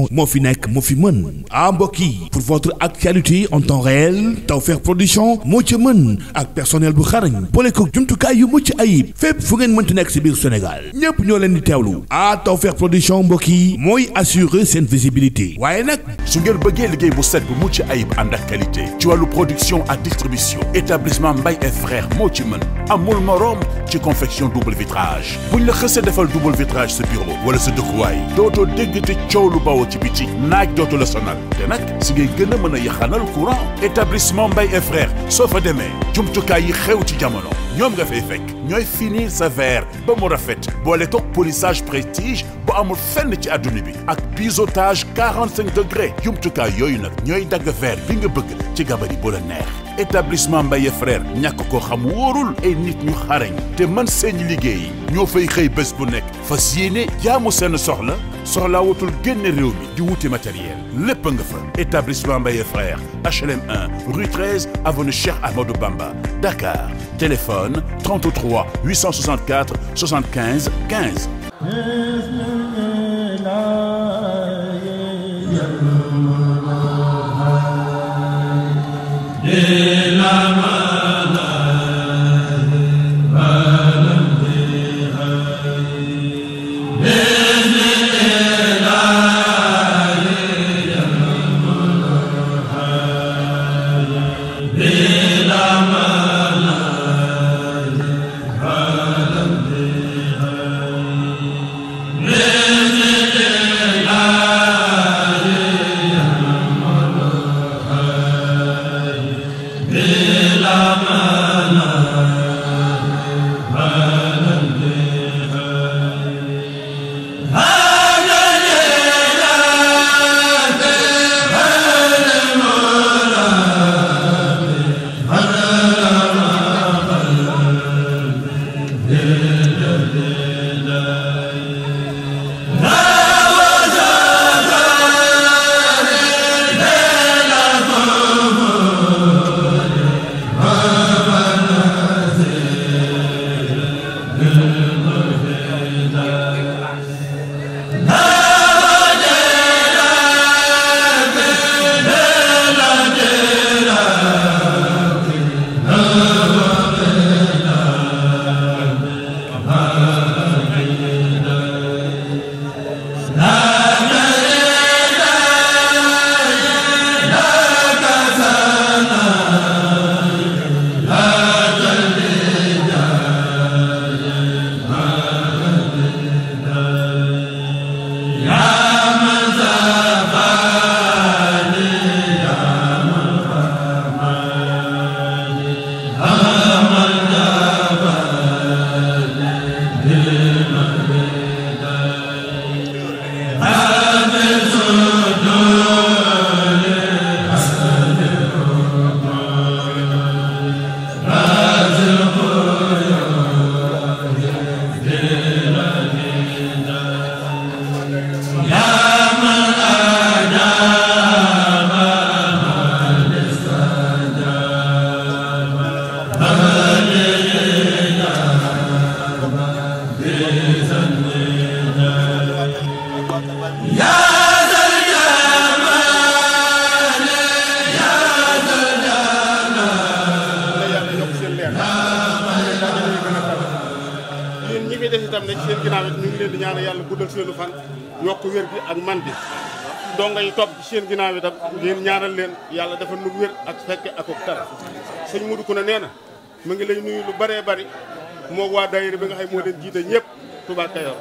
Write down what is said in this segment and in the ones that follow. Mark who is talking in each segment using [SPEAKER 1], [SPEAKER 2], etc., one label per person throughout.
[SPEAKER 1] production moo fi nekk moo fi mën ah mbokk yi pour votre actualité en temps réel Tawfekh production moo ci mën ak personnel bu xarañ boole ko jumtukaay yu mucc ayib fépp fu ngeen mënti nekk si biir Sénégal ñépp ñoo leen di teewlu ah Tawfekh production mbokk yi mooy assurer seen visibilité waaye nag su ngeen bëggee liggéey bu set bu mucc ayib ànd ak qualité ci wàllu production ak distribution établissement Mbaye et frères moo ci mën amul morom ci confection double vitrage buñ la xësee defal double vitrage sa sa dëkkuwaay ci biti naaj dootu la sonal te nag si ngay gën a mën a yaxanal courant établissement Mbaye et frères soo fa demee jumtukaay yi xew ci jamono ñoom nga fay fekk ñooy finir sa verre ba mu rafet boole toog polissage prestige bu amul fenn ci adduna bi ak biseautage 45 degré jumtukaay yooyu nag ñooy dagg verre bi nga bëgg ci gabari bu la neex établissement Mbaye frère ñàkk koo xam wóorul ay nit ñu xarañ te mën seen liggéey ñoo fay xëy bés bu nekk fas yéene jaamu seen soxla soxlaa wutul génne réew établissement Mbaye frère HLM 1 rue 13 avenue Cheikh Amadou Bamba Dakar téléphone 33 864 75 15.
[SPEAKER 2] Yeah. itam ne ci seen ginnaaw it ñu ñaanal yàlla guddal seenu fan yokk wér gi ak man bi donga yi topp ci seen ginnaaw itam ngeen ñaanal leen yàlla dafa nu wér ak fekke ak ak tar sëñ Modou nee na mu ngi lay nuyu lu bëree bëri moo waa daayira bi nga xam moo leen jiite ñëpp Touba Kayor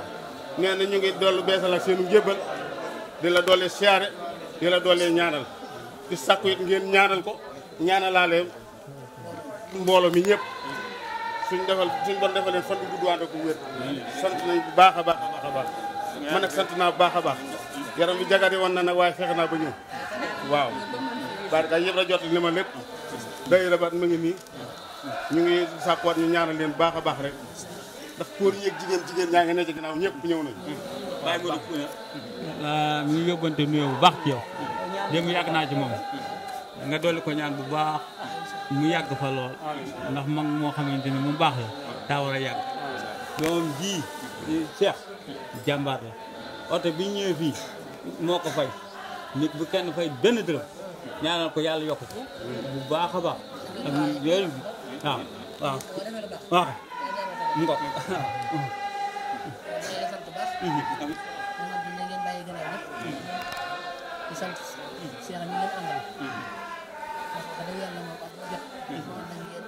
[SPEAKER 2] nee na ñu ngi dollu beesal ak seenu njébbal di la doole siyaare di la doole ñaanal di sakku it ngeen ñaanal ko ñaanalaale mbooloo mi ñëpp suñ defal suñ bon defal fan bu gudd ànd ak wér sant nañ bu baax a baax a baax man nag sant naa bu baax a baax yaram bi jagaate woon na nag waaye fexe naa ba ñëw waaw barka yëpp la jot li ma lépp day rabat mu ngi nii ñu ngi sàkkuwaat ñu ñaanal leen baax a baax rek ndax góor ñeeg jigéen jigéen ñaa ngi ne ci ginnaaw ñëpp ñëw nañ bàyyi ñu yóbbante nuyoo bu baax ci yow dem yàgg naa ci moom nga dolli ko ñaan bu baax mu yàgg fa lool ndax moo xamante ni mu baax la daa war a yàgg doom ji Cheikh jàmbaar la oto bi ñëwee fii moo ko fay nit bu kenn fay benn dërëm ñaanal ko yàlla yokk bu baax a baax ak yooyu waaw waaw waaw ngo sant ndax dana yàlla moom ak jot moom nañ ngeen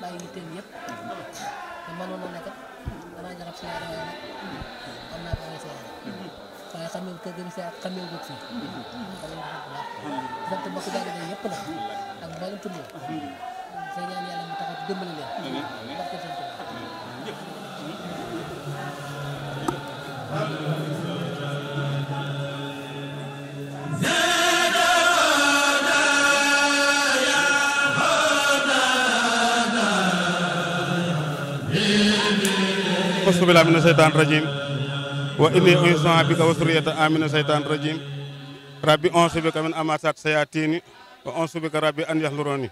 [SPEAKER 2] bàyyi yitteel yëpp te mënoon na nekkat danaa jarab siyaare waaye nag xam naa ko ngay siyaare waaye xamee kër gën si si sant mbokk jàngale yëpp la ak mbalam tudd sa ñaan yàlla auzu billaahi mina seytaani rajiim wa inni u'iizuhaa bika wa zurriyyatahaa mina seytaani rajiim rabbi auzu bika min hamaazaati sayaatiin wa auzu bika rabbi an yahduruun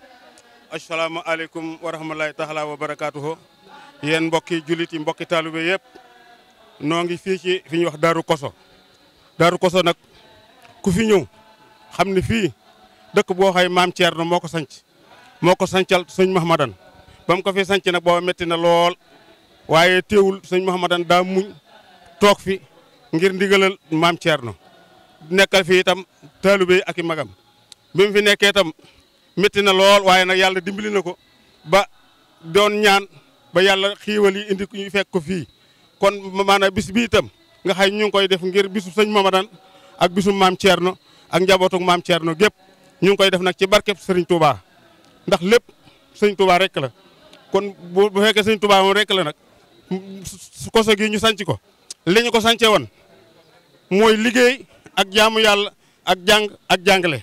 [SPEAKER 2] assalaamu aleykum wa rahmatulaahi taala wa barakaatuhu yéen mbokki jullit mbokki taalibe yëpp noo ngi fii ci fi ñuy wax Daaru Koso Daaru Koso nag ku fi ñëw xam ne fii dëkk boo xay maam Thierno moo ko sanc moo ko sancal sëñ Mahmadan ba ko fi sanc nag booba metti na lool waaye teewul sëñ Mouhamadane daa muñ toog fi ngir ndigalal maam Thierno nekkal fi itam taalibe ak i magam bi mu fi nekkee itam métti na lool waaye nag yàlla dimbali na ko ba doon ñaan ba yàlla xiiwal yi indi ñu fekk ko fii kon maanaam bis bi itam nga xay ñu ngi koy def ngir bis sëñ Mouhamadane ak bisu maam Thierno ak njabootuk maam Thierno gépp ñu ngi koy def nag ci barkeb sëriñ Touba ndax lépp sëñ Touba rek la kon bu fekkee sëñ Touba moom rek la nag. su koso gi ñu sanc ko li ko sance woon mooy liggéey ak jaamu yàlla ak jàng ak jàngale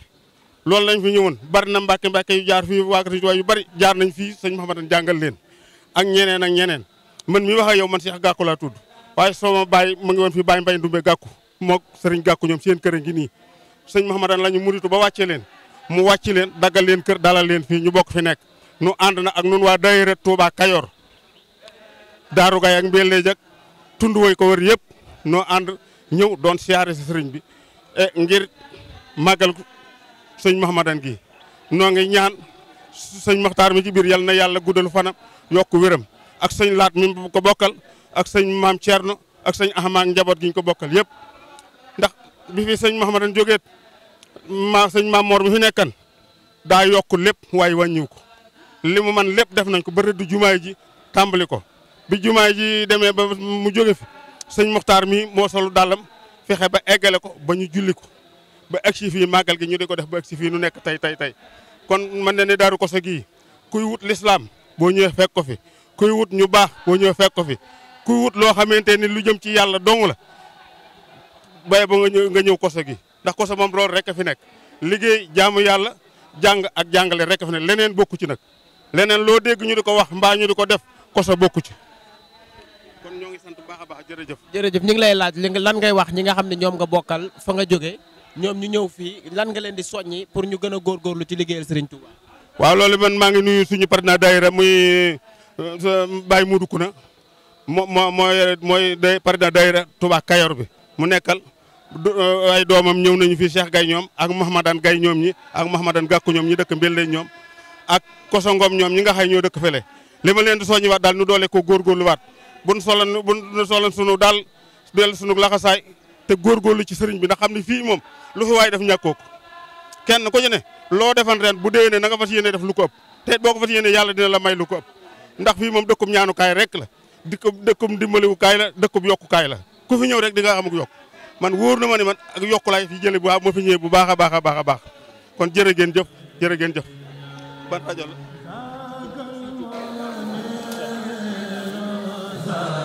[SPEAKER 2] loolu lañ fi ñëwoon bari na mbàkke mbàkke yu jaar fii waa Sëñ Tuubaa yu bari jaar nañ fii sëñ Mouhamadou jàngal leen ak ñeneen ak ñeneen man mi wax ak yow man Cheikh Gakou laa tudd waaye sama baay mu ngi woon fii Baye Mbaye Ndoumbé gàkku moo sëriñ Gakou ñoom seen kër a ngi nii sëñ Mouhamadou la ñu muritu ba wàcce leen mu wàcc leen daggal leen kër dalal leen fii ñu bokk fi nekk nu ànd na ak nun waa daayira daaru ak ak mbelle jak tund woy ko wër yëpp noo ànd ñëw doon siyaare si sëriñ bi e ngir màggal sëñ Mahamadan gi noo ngi ñaan sëñ Maxtaar mi ci biir yal na yàlla guddal fana yokk wéram ak sëñ Laat mi ko bokkal ak sëñ Maam Thierno ak sëñ Ahmad njaboot gi ko bokkal yëpp ndax bi fi sëñ Mahamadan jógeet ma sëñ Maam Mor mi fi nekkan daa yokk lépp waaye wàññiw ko li mu man lépp def nañ ko ba rëdd jumaay ji tàmbali ko bi jumaa ji demee ba mu jóge fi sëñ Muxtaar mii moo solu dàllam fexe ba eggale ko ba ñu julli ko ba egg fii màggal gi ñu di ko def ba egg si fii nu nekk tey tey tey kon man na ne Daaru Koso gii kuy wut lislaam boo ñëwee fekk ko fi kuy wut ñu baax boo ñëwee fekk ko fi kuy wut loo xamante ni lu jëm ci yàlla dong la bay ba nga ñëw nga ñëw koso gi ndax koso moom loolu rek a fi nekk liggéey jaamu yàlla jàng ak jàngale rek a fi nekk leneen bokku ci nag leneen loo dégg ñu di ko wax mbaa ñu di ko def koso bokku ci baax a baax jërëjëf jërëjëf ñu ngi lay laaj li lan ngay wax ñi nga xam ne ñoom nga bokkal fa nga jóge ñoom ñu ñëw fii lan nga leen di soññi pour ñu gën a góorgóorlu ci liggéeyal Serigne Touba waaw loolu man maa ngi nuyu suñu partenaire daayira muy euh, Baye Moudou Kouna moo moo mooy mooy partenaire daayira Touba Kayor bi mu nekkal euh, ay doomam ñëw nañu fii Cheikh Gaye ñoom ak Mouhamadane gay ñoom ñi ak Mouhamadane Gakou ñoom ñi dëkk Mbelle ñoom ak Kosongom ñoom ñi nga xay ñoo dëkk fele li ma leen di buñ solan buñ solan sunu daal dellu sunu laxasaay te góorgóorlu ci sëriñ bi ndax xam ne fii moom lu fi waay def ñàkkoo kenn ku ci ne loo defan ren bu déwénee na nga fas yéene def lu ko ëpp te boo ko fas yéene yàlla dina la may lu ko ëpp ndax fii moom dëkkum ñaanukaay rek la dëkkub dëkkum dimbaliwukaay la dëkkub yokkukaay la ku fi ñëw rek di nga xam ak yokk man wóor na ma ne man ak yokkulaay laay fi jëlee bu baax moo fi ñëwee bu baax baaxa baax a baax kon jërë ngeen jëf jërë ngeen jëf Allah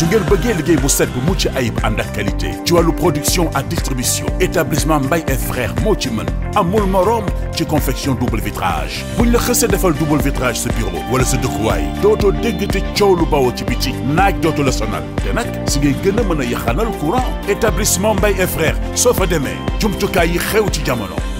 [SPEAKER 1] su ngeen bëggee liggéey bu set bu mucc ayib ànd ak ci wàllu production ak distribution établissement Mbaye et frères moo ci mën amul morom ci confection double vitrage buñ la xësee defal double vitrage sa bureau wala sa dëkkuwaay dootoo dégg te coow lu bawoo ci bi biti naaj dootu la sonal te nag si ngay gën a mën a yaxanal courant établissement Mbaye et frères soo fa demee jumtukaay yi xew ci jamono